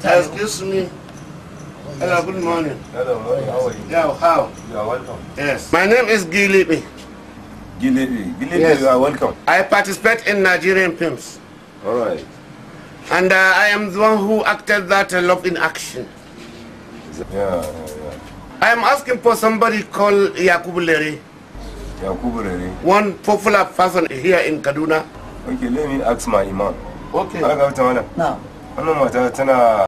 Excuse me. Hello, good morning. Hello, how are you? Yeah, how? You are welcome. Yes. My name is Gilipi. Gilipi. yes. you are welcome. I participate in Nigerian films. All right. And uh, I am the one who acted that uh, love in action. Yeah, yeah, yeah. I am asking for somebody called Yakubu Leri. Yakubu Leri. One popular person here in Kaduna. Okay, let me ask my imam. Okay. Now.